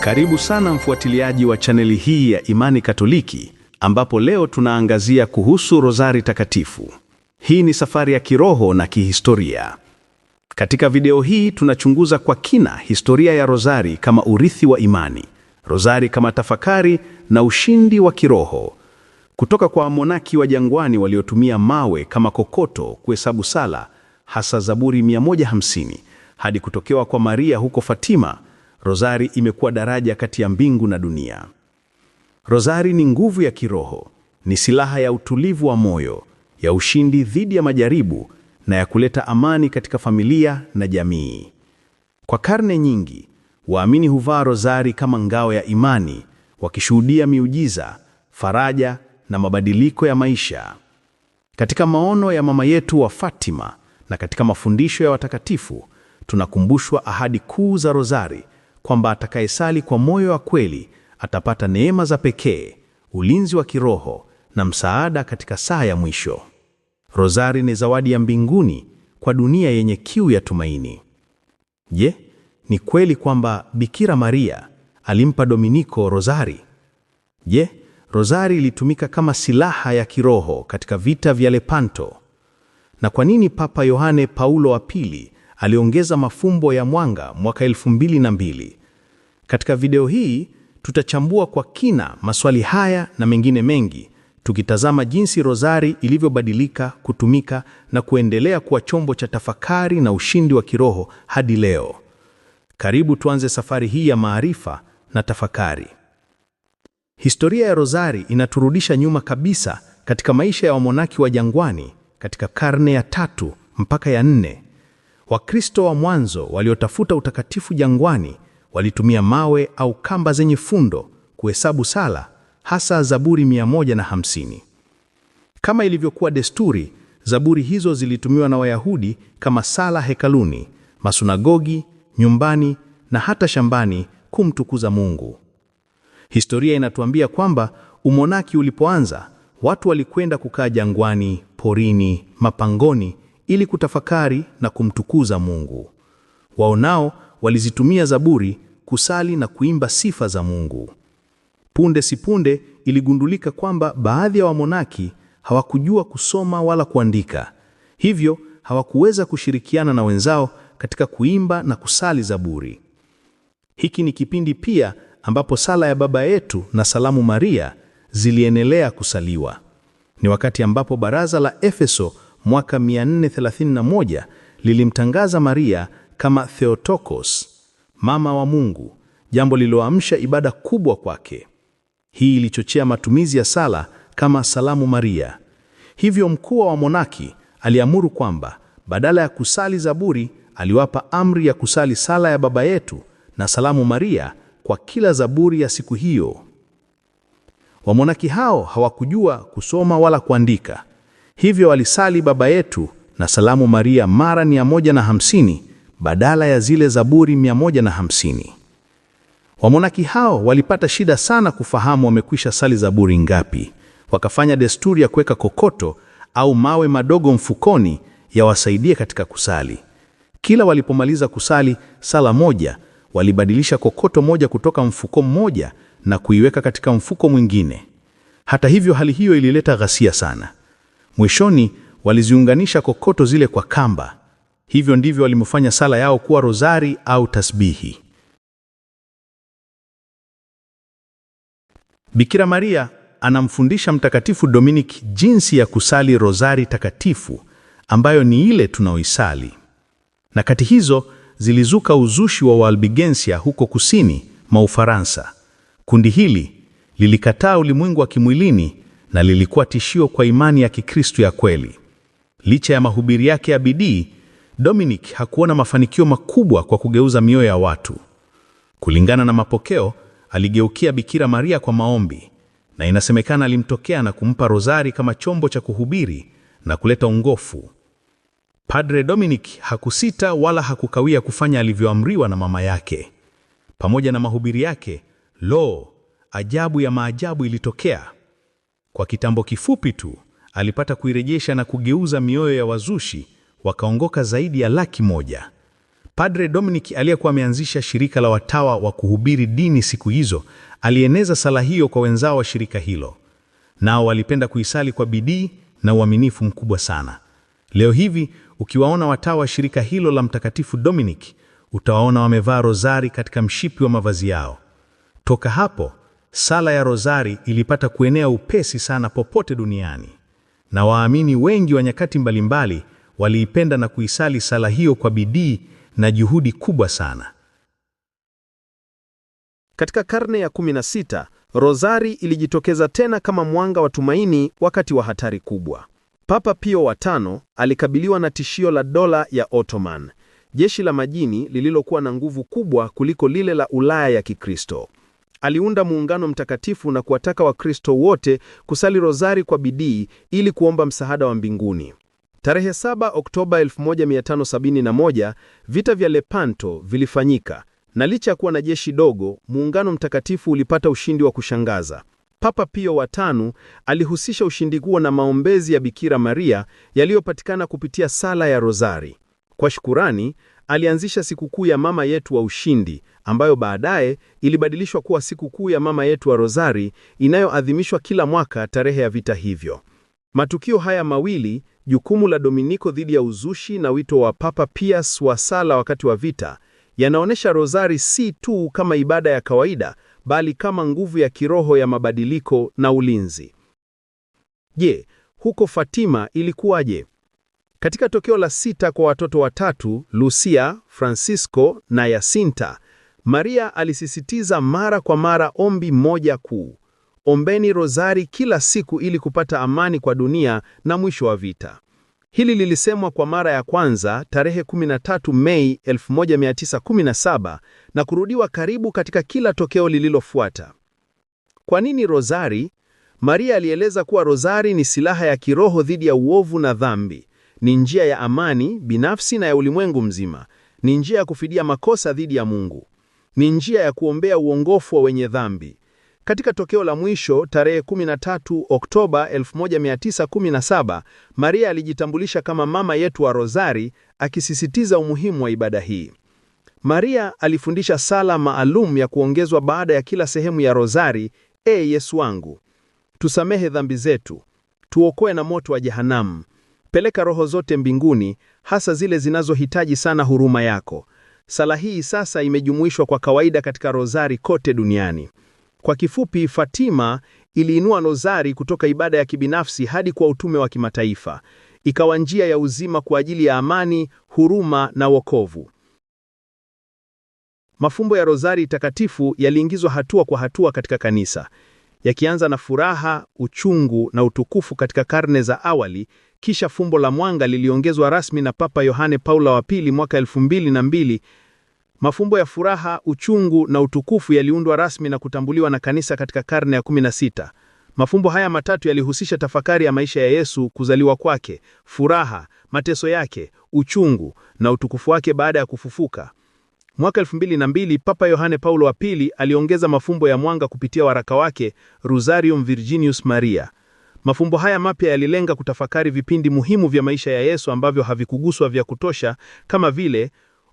Karibu sana mfuatiliaji wa chaneli hii ya Imani Katoliki ambapo leo tunaangazia kuhusu Rozari Takatifu. Hii ni safari ya kiroho na kihistoria. Katika video hii tunachunguza kwa kina historia ya Rozari kama urithi wa imani, Rozari kama tafakari na ushindi wa kiroho. Kutoka kwa wamonaki wa jangwani waliotumia mawe kama kokoto kuhesabu sala hasa Zaburi 150 hadi kutokewa kwa Maria huko Fatima, Rozari imekuwa daraja kati ya mbingu na dunia. Rozari ni nguvu ya kiroho, ni silaha ya utulivu wa moyo, ya ushindi dhidi ya majaribu na ya kuleta amani katika familia na jamii. Kwa karne nyingi, waamini huvaa rozari kama ngao ya imani, wakishuhudia miujiza, faraja na mabadiliko ya maisha. Katika maono ya mama yetu wa Fatima, na katika mafundisho ya watakatifu tunakumbushwa ahadi kuu za rozari kwamba atakayesali kwa moyo wa kweli atapata neema za pekee, ulinzi wa kiroho na msaada katika saa ya mwisho. Rozari ni zawadi ya mbinguni kwa dunia yenye kiu ya tumaini. Je, ni kweli kwamba Bikira Maria alimpa Dominiko rozari? Je, rozari ilitumika kama silaha ya kiroho katika vita vya Lepanto na kwa nini Papa Yohane Paulo wa Pili aliongeza mafumbo ya mwanga mwaka 2002. Katika video hii tutachambua kwa kina maswali haya na mengine mengi, tukitazama jinsi rozari ilivyobadilika, kutumika na kuendelea kuwa chombo cha tafakari na ushindi wa kiroho hadi leo. Karibu tuanze safari hii ya maarifa na tafakari. Historia ya rozari inaturudisha nyuma kabisa katika maisha ya wamonaki wa jangwani katika karne ya tatu mpaka ya nne, Wakristo wa mwanzo waliotafuta utakatifu jangwani walitumia mawe au kamba zenye fundo kuhesabu sala, hasa Zaburi 150. Kama ilivyokuwa desturi, zaburi hizo zilitumiwa na Wayahudi kama sala hekaluni, masunagogi, nyumbani na hata shambani kumtukuza Mungu. Historia inatuambia kwamba umonaki ulipoanza, watu walikwenda kukaa jangwani porini, mapangoni ili kutafakari na kumtukuza Mungu. Wao nao walizitumia Zaburi kusali na kuimba sifa za Mungu. Punde si punde iligundulika kwamba baadhi ya wamonaki hawakujua kusoma wala kuandika, hivyo hawakuweza kushirikiana na wenzao katika kuimba na kusali Zaburi. Hiki ni kipindi pia ambapo sala ya Baba Yetu na Salamu Maria ziliendelea kusaliwa. Ni wakati ambapo baraza la Efeso mwaka 431 lilimtangaza Maria kama Theotokos, mama wa Mungu, jambo lililoamsha ibada kubwa kwake. Hii ilichochea matumizi ya sala kama Salamu Maria. Hivyo mkuu wa monaki aliamuru kwamba badala ya kusali zaburi, aliwapa amri ya kusali sala ya Baba Yetu na Salamu Maria kwa kila zaburi ya siku hiyo. Wamonaki hao hawakujua kusoma wala kuandika, hivyo walisali Baba Yetu na Salamu Maria mara 150 badala ya zile Zaburi 150. Wamonaki hao walipata shida sana kufahamu wamekwisha sali Zaburi ngapi. Wakafanya desturi ya kuweka kokoto au mawe madogo mfukoni yawasaidie katika kusali. Kila walipomaliza kusali sala moja, walibadilisha kokoto moja kutoka mfuko mmoja na kuiweka katika mfuko mwingine. Hata hivyo, hali hiyo ilileta ghasia sana. Mwishoni waliziunganisha kokoto zile kwa kamba. Hivyo ndivyo walimfanya sala yao kuwa rozari au tasbihi. Bikira Maria anamfundisha Mtakatifu dominic jinsi ya kusali rozari takatifu ambayo ni ile tunaoisali. na kati hizo zilizuka uzushi wa Walbigensia huko kusini mwa Ufaransa. Kundi hili lilikataa ulimwengu wa kimwilini na lilikuwa tishio kwa imani ya Kikristo ya kweli. Licha ya mahubiri yake ya bidii, Dominic hakuona mafanikio makubwa kwa kugeuza mioyo ya watu. Kulingana na mapokeo, aligeukia Bikira Maria kwa maombi na inasemekana alimtokea na kumpa rozari kama chombo cha kuhubiri na kuleta ungofu. Padre Dominic hakusita wala hakukawia kufanya alivyoamriwa na mama yake. Pamoja na mahubiri yake Lo, ajabu ya maajabu ilitokea. Kwa kitambo kifupi tu alipata kuirejesha na kugeuza mioyo ya wazushi, wakaongoka zaidi ya laki moja. Padre Dominic aliyekuwa ameanzisha shirika la watawa wa kuhubiri dini siku hizo alieneza sala hiyo kwa wenzao wa shirika hilo, nao walipenda kuisali kwa bidii na uaminifu mkubwa sana. Leo hivi ukiwaona watawa wa shirika hilo la Mtakatifu Dominic utawaona wamevaa rozari katika mshipi wa mavazi yao. Toka hapo sala ya Rozari ilipata kuenea upesi sana popote duniani, na waamini wengi wa nyakati mbalimbali waliipenda na kuisali sala hiyo kwa bidii na juhudi kubwa sana. Katika karne ya 16 Rozari ilijitokeza tena kama mwanga wa tumaini wakati wa hatari kubwa. Papa Pio wa tano alikabiliwa na tishio la dola ya Ottoman, jeshi la majini lililokuwa na nguvu kubwa kuliko lile la Ulaya ya Kikristo aliunda muungano mtakatifu na kuwataka Wakristo wote kusali rozari kwa bidii ili kuomba msaada wa mbinguni. Tarehe 7 Oktoba 1571 vita vya Lepanto vilifanyika, na licha ya kuwa na jeshi dogo, muungano mtakatifu ulipata ushindi wa kushangaza. Papa Pio wa tano alihusisha ushindi huo na maombezi ya Bikira Maria yaliyopatikana kupitia sala ya rozari. Kwa shukurani, alianzisha sikukuu ya mama yetu wa ushindi ambayo baadaye ilibadilishwa kuwa sikukuu ya mama yetu wa Rozari inayoadhimishwa kila mwaka tarehe ya vita hivyo. Matukio haya mawili, jukumu la Dominiko dhidi ya uzushi na wito wa Papa Pius wa sala wakati wa vita, yanaonyesha Rozari si tu kama ibada ya kawaida, bali kama nguvu ya kiroho ya mabadiliko na ulinzi. Je, huko Fatima ilikuwaje? Katika tokeo la sita kwa watoto watatu, Lucia, Francisco na Yasinta, Maria alisisitiza mara kwa mara ombi moja kuu: ombeni rozari kila siku ili kupata amani kwa dunia na mwisho wa vita. Hili lilisemwa kwa mara ya kwanza tarehe 13 Mei 1917 na kurudiwa karibu katika kila tokeo lililofuata. Kwa nini rozari? Maria alieleza kuwa rozari ni silaha ya kiroho dhidi ya uovu na dhambi ni njia ya amani binafsi na ya ulimwengu mzima. Ni njia ya kufidia makosa dhidi ya Mungu. Ni njia ya kuombea uongofu wa wenye dhambi. Katika tokeo la mwisho tarehe 13 Oktoba 1917, Maria alijitambulisha kama mama yetu wa Rozari, akisisitiza umuhimu wa ibada hii. Maria alifundisha sala maalum ya kuongezwa baada ya kila sehemu ya Rozari, E ee Yesu wangu, tusamehe dhambi zetu, tuokoe na moto wa jehanamu, Peleka roho zote mbinguni, hasa zile zinazohitaji sana huruma yako. Sala hii sasa imejumuishwa kwa kawaida katika rozari kote duniani. Kwa kifupi, Fatima iliinua rozari kutoka ibada ya kibinafsi hadi kwa utume wa kimataifa. Ikawa njia ya uzima kwa ajili ya amani, huruma na wokovu. Mafumbo ya rozari takatifu yaliingizwa hatua kwa hatua katika kanisa, yakianza na furaha, uchungu na utukufu katika karne za awali kisha fumbo la mwanga liliongezwa rasmi na Papa Yohane Paulo wa pili mwaka mbili. Mafumbo ya furaha, uchungu na utukufu yaliundwa rasmi na kutambuliwa na kanisa katika karne ya 16. Mafumbo haya matatu yalihusisha tafakari ya maisha ya Yesu, kuzaliwa kwake, furaha, mateso yake, uchungu na utukufu wake baada ya kufufuka. Mwaka 2002 Papa Yohane Paulo wa pili aliongeza mafumbo ya mwanga kupitia waraka wake Rosarium Virginius Maria. Mafumbo haya mapya yalilenga kutafakari vipindi muhimu vya maisha ya Yesu ambavyo havikuguswa vya kutosha, kama vile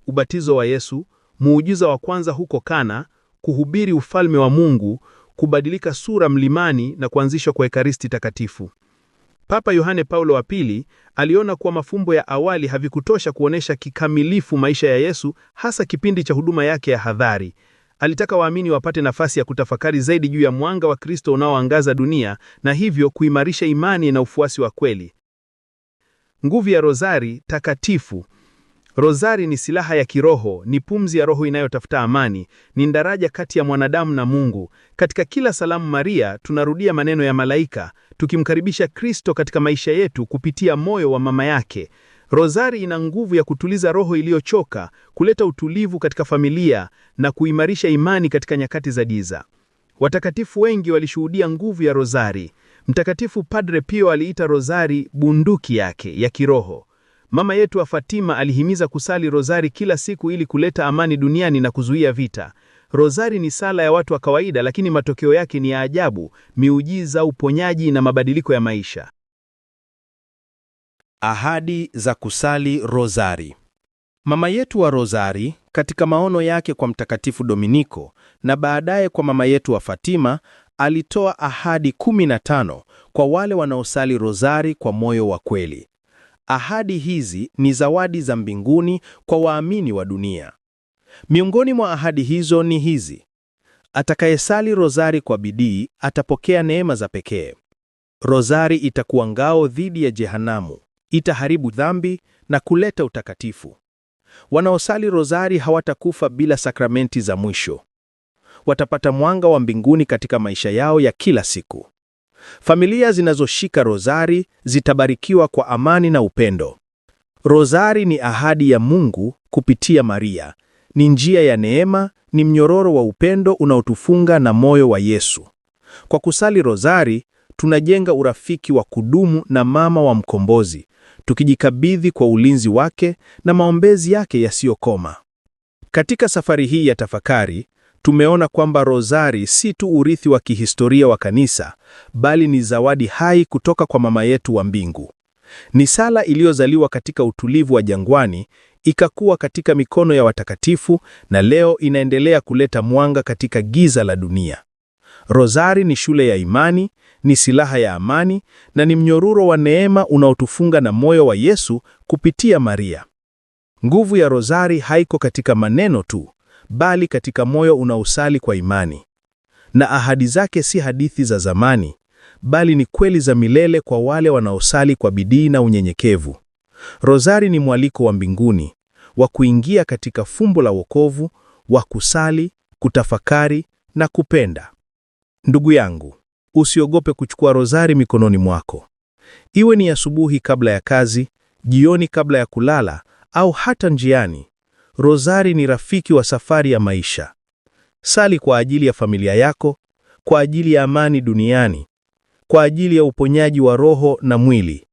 ubatizo wa Yesu, muujiza wa kwanza huko Kana, kuhubiri ufalme wa Mungu, kubadilika sura mlimani na kuanzishwa kwa Ekaristi Takatifu. Papa Yohane Paulo wa Pili aliona kuwa mafumbo ya awali havikutosha kuonesha kikamilifu maisha ya Yesu, hasa kipindi cha huduma yake ya hadhari. Alitaka waamini wapate nafasi ya kutafakari zaidi juu ya mwanga wa Kristo unaoangaza dunia na hivyo kuimarisha imani na ufuasi wa kweli. Nguvu ya Rozari Takatifu. Rozari ni silaha ya kiroho, ni pumzi ya roho inayotafuta amani, ni daraja kati ya mwanadamu na Mungu. Katika kila Salamu Maria tunarudia maneno ya malaika, tukimkaribisha Kristo katika maisha yetu kupitia moyo wa mama yake. Rozari ina nguvu ya kutuliza roho iliyochoka, kuleta utulivu katika familia na kuimarisha imani katika nyakati za giza. Watakatifu wengi walishuhudia nguvu ya rozari. Mtakatifu Padre Pio aliita rozari bunduki yake ya kiroho. Mama yetu wa Fatima alihimiza kusali rozari kila siku ili kuleta amani duniani na kuzuia vita. Rozari ni sala ya watu wa kawaida, lakini matokeo yake ni ya ajabu, miujiza, uponyaji na mabadiliko ya maisha. Ahadi za kusali rozari. Mama yetu wa Rozari katika maono yake kwa Mtakatifu Dominiko na baadaye kwa mama yetu wa Fatima alitoa ahadi 15 kwa wale wanaosali rozari kwa moyo wa kweli. Ahadi hizi ni zawadi za mbinguni kwa waamini wa dunia. Miongoni mwa ahadi hizo ni hizi: atakayesali rozari kwa bidii atapokea neema za pekee. Rozari itakuwa ngao dhidi ya jehanamu itaharibu dhambi na kuleta utakatifu. Wanaosali rozari hawatakufa bila sakramenti za mwisho. Watapata mwanga wa mbinguni katika maisha yao ya kila siku. Familia zinazoshika rozari zitabarikiwa kwa amani na upendo. Rozari ni ahadi ya Mungu kupitia Maria, ni njia ya neema, ni mnyororo wa upendo unaotufunga na moyo wa Yesu. Kwa kusali rozari, tunajenga urafiki wa kudumu na mama wa mkombozi, tukijikabidhi kwa ulinzi wake na maombezi yake yasiyokoma. Katika safari hii ya tafakari, tumeona kwamba rozari si tu urithi wa kihistoria wa kanisa, bali ni zawadi hai kutoka kwa Mama yetu wa mbingu. Ni sala iliyozaliwa katika utulivu wa jangwani, ikakuwa katika mikono ya watakatifu, na leo inaendelea kuleta mwanga katika giza la dunia. Rozari ni shule ya imani, ni silaha ya amani na ni mnyororo wa neema unaotufunga na moyo wa Yesu kupitia Maria. Nguvu ya rozari haiko katika maneno tu, bali katika moyo unaosali kwa imani. Na ahadi zake si hadithi za zamani, bali ni kweli za milele kwa wale wanaosali kwa bidii na unyenyekevu. Rozari ni mwaliko wa mbinguni wa kuingia katika fumbo la wokovu, wa kusali, kutafakari na kupenda. Ndugu yangu, usiogope kuchukua rozari mikononi mwako. Iwe ni asubuhi kabla ya kazi, jioni kabla ya kulala, au hata njiani, rozari ni rafiki wa safari ya maisha. Sali kwa ajili ya familia yako, kwa ajili ya amani duniani, kwa ajili ya uponyaji wa roho na mwili.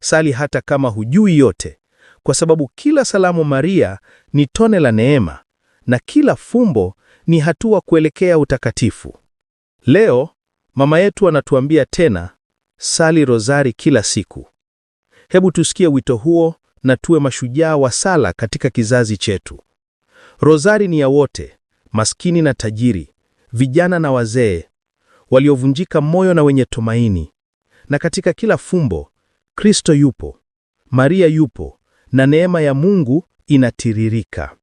Sali hata kama hujui yote, kwa sababu kila salamu Maria ni tone la neema na kila fumbo ni hatua kuelekea utakatifu. Leo Mama yetu anatuambia tena, sali rozari kila siku. Hebu tusikie wito huo na tuwe mashujaa wa sala katika kizazi chetu. Rozari ni ya wote, maskini na tajiri, vijana na wazee, waliovunjika moyo na wenye tumaini. Na katika kila fumbo, Kristo yupo, Maria yupo, na neema ya Mungu inatiririka.